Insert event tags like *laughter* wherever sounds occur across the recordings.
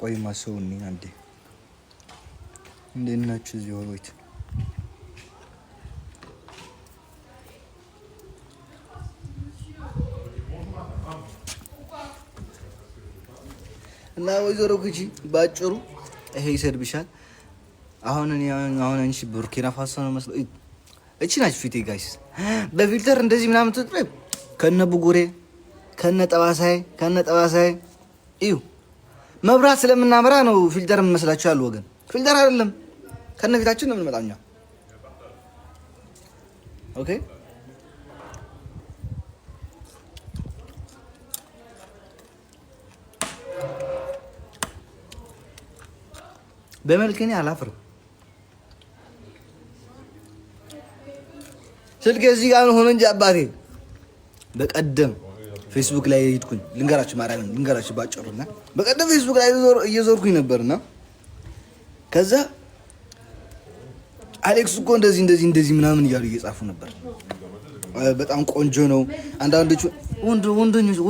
ቆይ ማሰው እኔ አንዴ እንዴት ናችሁ? እዚህ ወሮይት እና ወይዘሮ ግጂ ባጭሩ ይሄ ይሰድብሻል። አሁን አሁን አንቺ ቡርኪና ፋሶ ነው መስሎ እቺ ናች ፊቴ ጋይስ። በፊልተር እንደዚህ ምናምን ትጥ ከነ ብጉሬ ከነ ጠባሳይ ከነ ጠባሳይ እዩ። መብራት ስለምናመራ ነው ፊልተር የምመስላችሁ ያሉ ወገን፣ ፊልተር አይደለም ከነ ፊታችን ነው የምንመጣው ኦኬ አላፍርም። ስልክ እዚህ ጋር ሆነ እንጂ አባቴ በቀደም ፌስቡክ ላይ ሄድኩኝ። ልንገራችሁ ማርያምን ልንገራችሁ ባጭሩና በቀደም ፌስቡክ ላይ እየዞርኩኝ እና ከዛ አሌክስ እኮ እንደዚህ እንደዚህ እንደዚህ ምናምን እያሉ እየጻፉ ነበር። በጣም ቆንጆ ነው። አንዳንዶቹ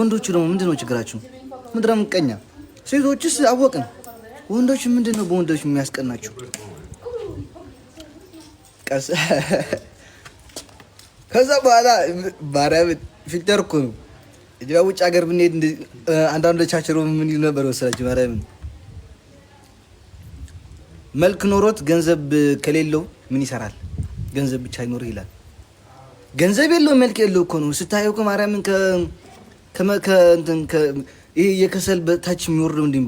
ወንዶቹ ደግሞ ነው ችግራችሁ? ምድረ ምቀኛ ሴቶችስ አወቅን። ወንዶች ምንድነው በወንዶች የሚያስቀናችሁ? ቀስ ከዛ በኋላ ማርያምን ፊልተር እኮ ነው ውጭ ሀገር ብንሄድ አንዳንዶቻቸው ምን ይሉ ነበር መሰላችሁ? ማርያምን መልክ ኖሮት ገንዘብ ከሌለው ምን ይሰራል? ገንዘብ ብቻ ይኖር ይላል። ገንዘብ የለው መልክ የለው እኮ ነው ስታየው እኮ ማርያምን ይሄ የከሰል በታች የሚወርደው እንዲ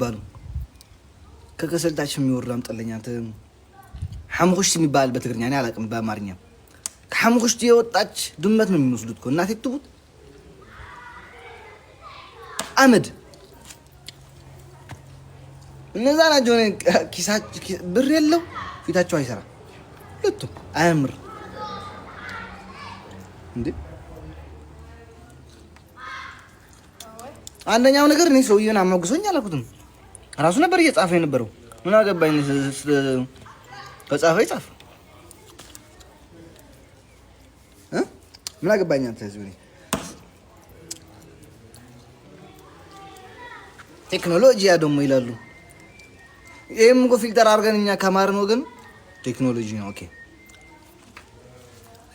ከከሰል ታች የሚወርደው አምጠለኛ ሐምኮሽ የሚባል በትግርኛ እኔ አላውቅም በአማርኛ ከሐሙክሽት የወጣች ድመት ነው የሚመስሉት እኮ እናቴ ትቡት አመድ እነዛ ናቸው። ብር የለው ፊታቸው አይሰራ ሁለቱም አያምር እንዴ። አንደኛው ነገር እኔ ሰውዬውን አማጉሶኝ አላልኩትም። ራሱ ነበር እየጻፈ የነበረው ምን አገባኝ። ከጻፈ ይጻፍ ምን አገባኝ አንተ ህዝብ። ቴክኖሎጂ ያ ደግሞ ይላሉ። ይህም እኮ ፊልተር አድርገን እኛ ከማር ነው፣ ግን ቴክኖሎጂ ነው። ኦኬ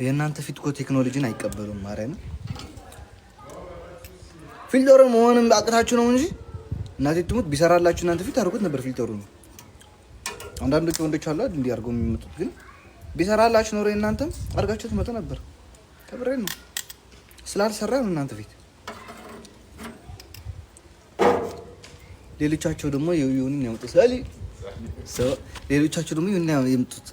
የእናንተ ፊት እኮ ቴክኖሎጂን አይቀበሉም። ማርያም ፊልተሩን መሆንም አቅታችሁ ነው እንጂ እናቴ ትሙት ቢሰራላችሁ እናንተ ፊት አድርጉት ነበር። ፊልተሩ ነው። አንዳንዶች ወንዶች አሉ እንዲህ አድርገው የሚመጡት፣ ግን ቢሰራላችሁ ኖሮ እናንተም አድርጋችሁ ትመጡ ነበር። ተብረን ነው ስላልሰራ ነው እናንተ ፊት። ሌሎቻቸው ደግሞ ይሁን ያመጡት፣ ሌሎቻቸው ደግሞ ይሁን የምጡት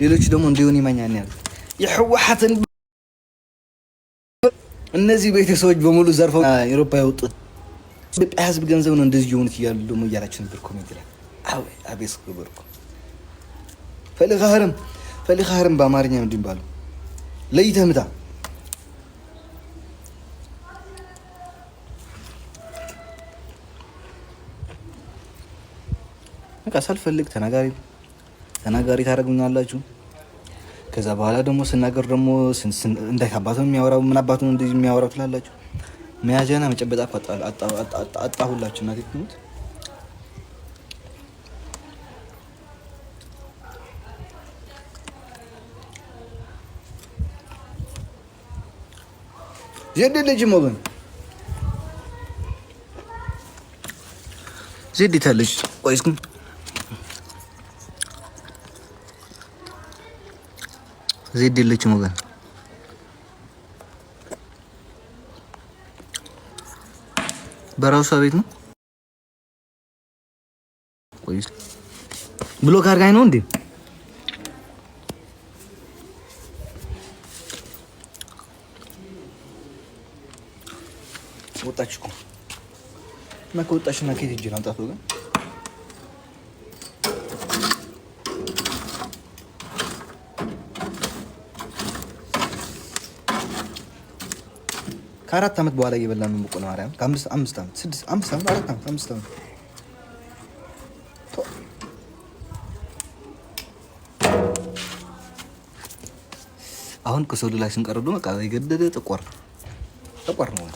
ሌሎች ደግሞ እንዲሆን ይመኛል ያሉት የህወሓትን እነዚህ ቤተሰቦች በሙሉ ዘርፈው ኤሮፓ ያወጡት ኢትዮጵያ ህዝብ ገንዘብ ነው እንደዚህ የሆኑት እያሉ ደሞ እያላችሁ ነበር። ኮሜንት ላይ አቤስ ገበርኩ ፈልኻህርም ፈልኻህርም በአማርኛ ምንድን ባሉ ለይተህ ምታ በቃ ሳልፈልግ ተናጋሪ ተናጋሪ ታደርጉኛላችሁ። ከዛ በኋላ ደግሞ ስናገር ደግሞ እንዴት አባቱ የሚያወራው? ምን አባት እንደዚህ የሚያወራው ትላላችሁ። መያዣና መጨበጣ አጣሁላችሁ። እናቴ ትሙት ዜድ ልጅ ሞብን ዜድ ታለች ቆይስኩም ዜድ የለችም ወገን። በራሷ ቤት ነው። ብሎክ አድርጋኝ ነው እንዴ? ወጣች እኮ እና እና ከየት እጅ ነው ከአራት ዓመት በኋላ እየበላ ነው ብቁ ነው። ማርያም ከአምስት አምስት ዓመት ስድስት አምስት ዓመት አራት ዓመት አምስት ዓመት አሁን ከሰሉ ላይ ስንቀርዱ በቃ የገደደ ጥቆር ጥቆር ነው።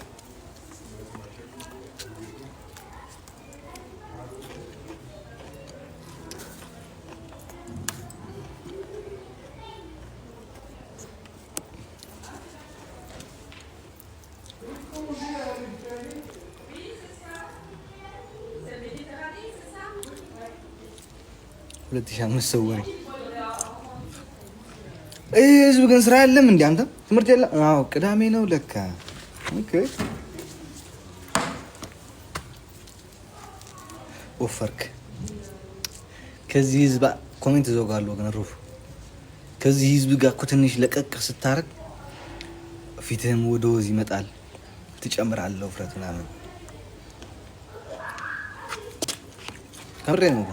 ሁለት ሺህ አምስት ሰው ወሬ ይህ ህዝብ ግን ስራ የለም። እንደ አንተ ትምህርት የለም። አዎ ቅዳሜ ነው ለካ። ወፈርክ። ከዚህ ህዝብ ኮሜንት እዘጋለሁ ግን ሩፍ ከዚህ ህዝብ ጋር እኮ ትንሽ ለቀቅ ስታረግ ፊትህም ወደ ወዝ ይመጣል፣ ትጨምራለህ ውፍረት ምናምን ከምሬ ነው።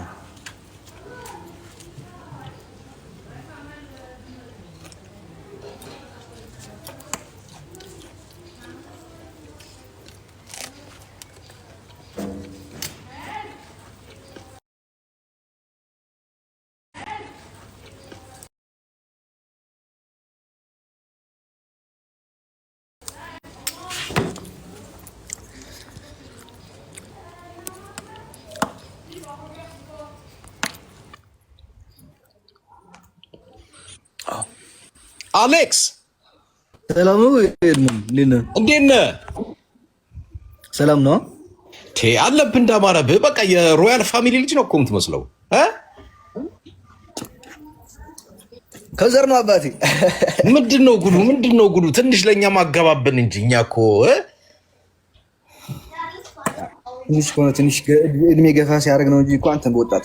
አሌክስ ሰላም ነው። ኤድሙን እንዴት ነህ? ሰላም ነው። ቴ አለብህ እንዳማረብህ። በቃ የሮያል ፋሚሊ ልጅ ነው እኮ የምትመስለው። ከዘር ነው አባቴ። ምንድን ነው ጉሉ? ምንድን ነው ጉሉ? ትንሽ ለእኛ ማገባብን እንጂ እኛ እኮ ትንሽ ከሆነ ትንሽ እድሜ ገፋ ሲያደርግ ነው እንጂ እኮ አንተን በወጣት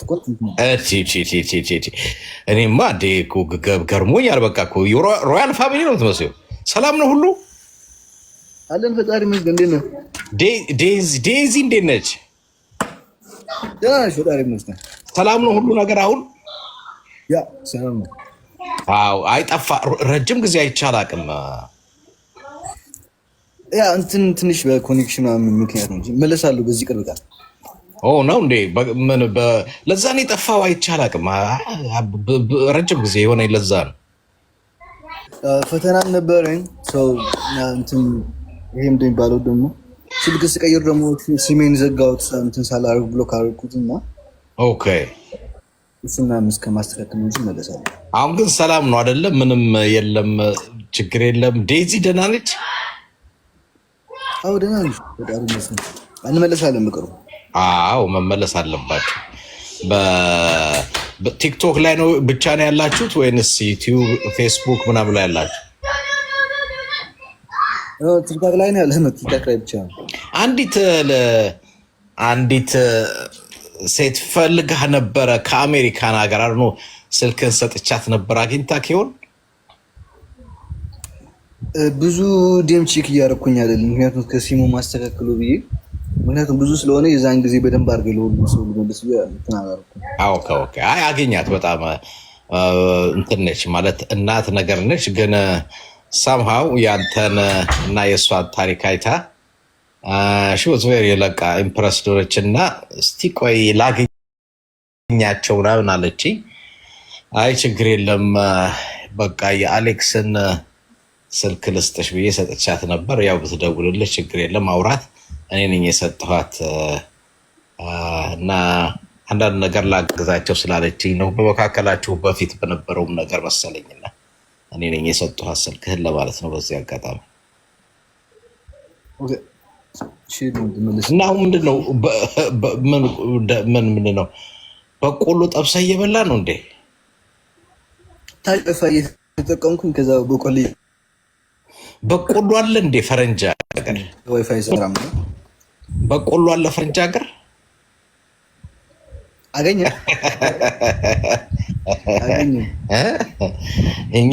እኔማ እንደ ገርሞኛል። በቃ ሮያል ፋሚሊ ነው የምትመስለው። ሰላም ነው ሁሉ አለን። ፈጣሪ ይመስገን። እንዴት ነህ ዴዚ? እንዴት ነች? ደህና ነች። ፈጣሪ ይመስገን። ሰላም ነው ሁሉ ነገር አሁን ያ ሰላም ነው አዎ አይጠፋ ረጅም ጊዜ አይቻል አቅም ያ እንትን ትንሽ በኮኔክሽን ምክንያት ነው እንጂ መለሳሉ በዚህ ቅርብ ጋር ኦ ነው እንዴ ምን ለዛ ነው የጠፋው። አይቻል አቅም ረጅም ጊዜ የሆነ ለዛ ነው ፈተናም ነበረኝ። ሰው እንትን ይሄ ምንድን የሚባለው ደግሞ ስልክ ስቀይር ደግሞ ሲሜን ዘጋሁት እንትን ሳላደርግ ብሎ ካደረግኩት እና ኦኬ እሱና እስከ ማስተካከል እንጂ መለሳለ። አሁን ግን ሰላም ነው አይደለም? ምንም የለም፣ ችግር የለም። ዴዚ ደህና ነች? አዎ ደህና ነች። በጣም ይመስል እንመለሳለን። ምቅሩ አዎ መመለስ አለባቸው። በቲክቶክ ላይ ነው ብቻ ነው ያላችሁት ወይንስ ዩቲዩብ፣ ፌስቡክ ምናምን ላይ ያላችሁ? ቲክቶክ ላይ ነው ያለነው። ቲክቶክ ላይ ብቻ ነው። አንዲት አንዲት ሴት ፈልጋ ነበረ ከአሜሪካን ሀገር አድኖ ስልክን ሰጥቻት ነበር። አግኝታ ኪሆን ብዙ ዴም ቼክ እያደረኩኝ አይደለም፣ ምክንያቱም ከሲሙ ማስተካከሉ ብዬ ምክንያቱም ብዙ ስለሆነ የዛን ጊዜ በደንብ አድርገ ለሁሉ ሰው ልመልስ ተናገርኩ። አይ አገኛት በጣም እንትን ነች ማለት እናት ነገር ነች፣ ግን ሳምሃው ያንተን እና የእሷን ታሪክ አይታ ሽዝ ቬሪ ለቃ ኢምፕረስ ዶረች እና እስቲ ቆይ ላገኛቸው ምናምን አለችኝ። አይ ችግር የለም በቃ የአሌክስን ስልክ ልስጥሽ ብዬ ሰጥቻት ነበር። ያው ብትደውልልህ ችግር የለም አውራት፣ እኔ ነኝ የሰጠኋት እና አንዳንድ ነገር ላግዛቸው ስላለችኝ ነው። በመካከላችሁ በፊት በነበረውም ነገር መሰለኝና እኔ ነኝ የሰጠኋት ስልክህን ለማለት ነው በዚህ አጋጣሚ እና አሁን ምንድን ነው ምን ነው በቆሎ ጠብሳ እየበላ ነው እንዴ? ታጨፋ እየተጠቀምኩኝ ከዛ በቆሎ በቆሎ አለ እንዴ? ፈረንጅ ሀገር ዋይፋይ ሰራም በቆሎ አለ ሀገር አገኘ እኛ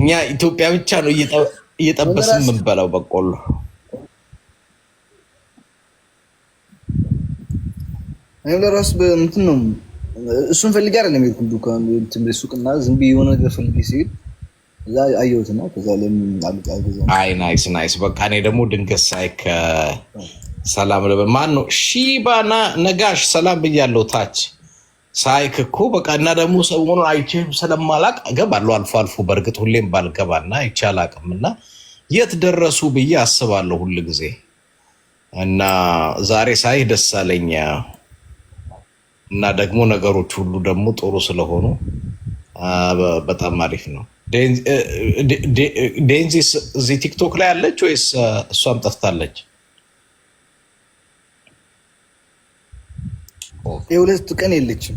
እኛ ኢትዮጵያ ብቻ ነው እየጠበስን የምንበላው በቆሎ እኔም ለራሱ እንትን ነው እሱን ፈልጌ አይደለም የሄድኩት ሱቅና ዝም ብዬ የሆነ ነገር ፈልጌ ሲሄድ እዛ አየሁት ነው። ከዛ ላይም አይ ናይስ ናይስ። በቃ እኔ ደግሞ ድንገት ሳይ ከሰላም ለበ ማን ነው ሺባና ነጋሽ ሰላም ብያለሁ። ታች ሳይክ እኮ በቃ እና ደግሞ ሰሞኑን አይቼም ስለማላቅ እገባለሁ አልፎ አልፎ። በእርግጥ ሁሌም ባልገባና አይቼ አላቅም እና የት ደረሱ ብዬ አስባለሁ ሁል ጊዜ እና ዛሬ ሳይህ ደስ አለኝ። እና ደግሞ ነገሮች ሁሉ ደግሞ ጥሩ ስለሆኑ በጣም አሪፍ ነው። ዴንዚ እዚህ ቲክቶክ ላይ አለች ወይስ እሷም ጠፍታለች? የሁለቱ ቀን የለችም።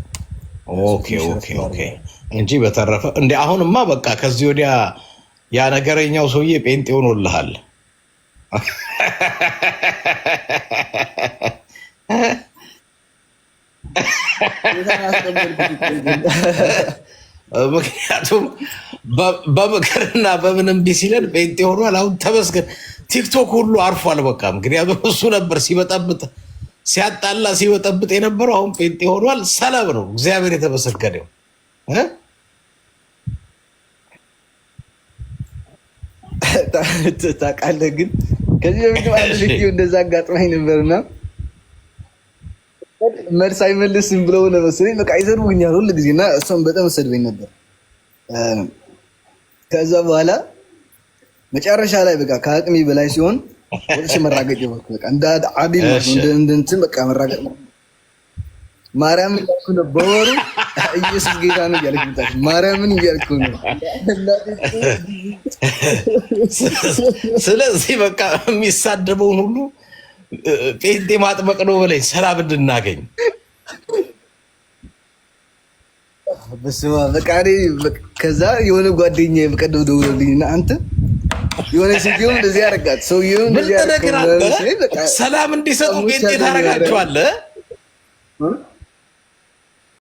ኦኬ ኦኬ ኦኬ። እንጂ በተረፈ እንደ አሁንማ በቃ ከዚህ ወዲያ ያ ነገረኛው ሰውዬ ጴንጤ ሆኖልሃል። *laughs* ምክንያቱም በምክርና በምን እምቢ ሲለን ጴንጤ ሆኗል። አሁን ተመስገን ቲክቶክ ሁሉ አርፏል። በቃ ምክንያቱም እሱ ነበር ሲበጠብጥ ሲያጣላ ሲበጠብጥ የነበረው አሁን ጴንጤ ሆኗል። ሰላም ነው። እግዚአብሔር የተመሰገነው። ታውቃለህ ግን ከዚህ በፊት አንድ እንደዛ አጋጥማኝ ነበርና መልስ አይመልስም ብለው መሰለኝ በቃ ይዘርቡኛል ሁሉ ጊዜ እና እሷም በጣም ሰድበኝ ነበር። ከዛ በኋላ መጨረሻ ላይ በቃ ከአቅሚ በላይ ሲሆን ወጥቼ መራገጥ ይወቅ በቃ እንደ አዲል እንደ በቃ መራገጥ ነው። ማርያምን እያልኩ ነው በወሩ ኢየሱስ ጌታ ነው እያለች ምጣች። ማርያምን እያልኩ ነው። ስለዚህ በቃ የሚሳደበውን ሁሉ ጴንጤ ማጥመቅ ነው በላይ ሰላም እንድናገኝ በስማ በቃ ከዛ የሆነ ጓደኛ የቀደም ደውሎልኝ እና አንተ የሆነ ሴትዮን እንደዚህ ያደርጋት ሰውዬውን እንደዚህ ሰላም እንዲሰጡ ጴንጤ ታደርጋቸዋለህ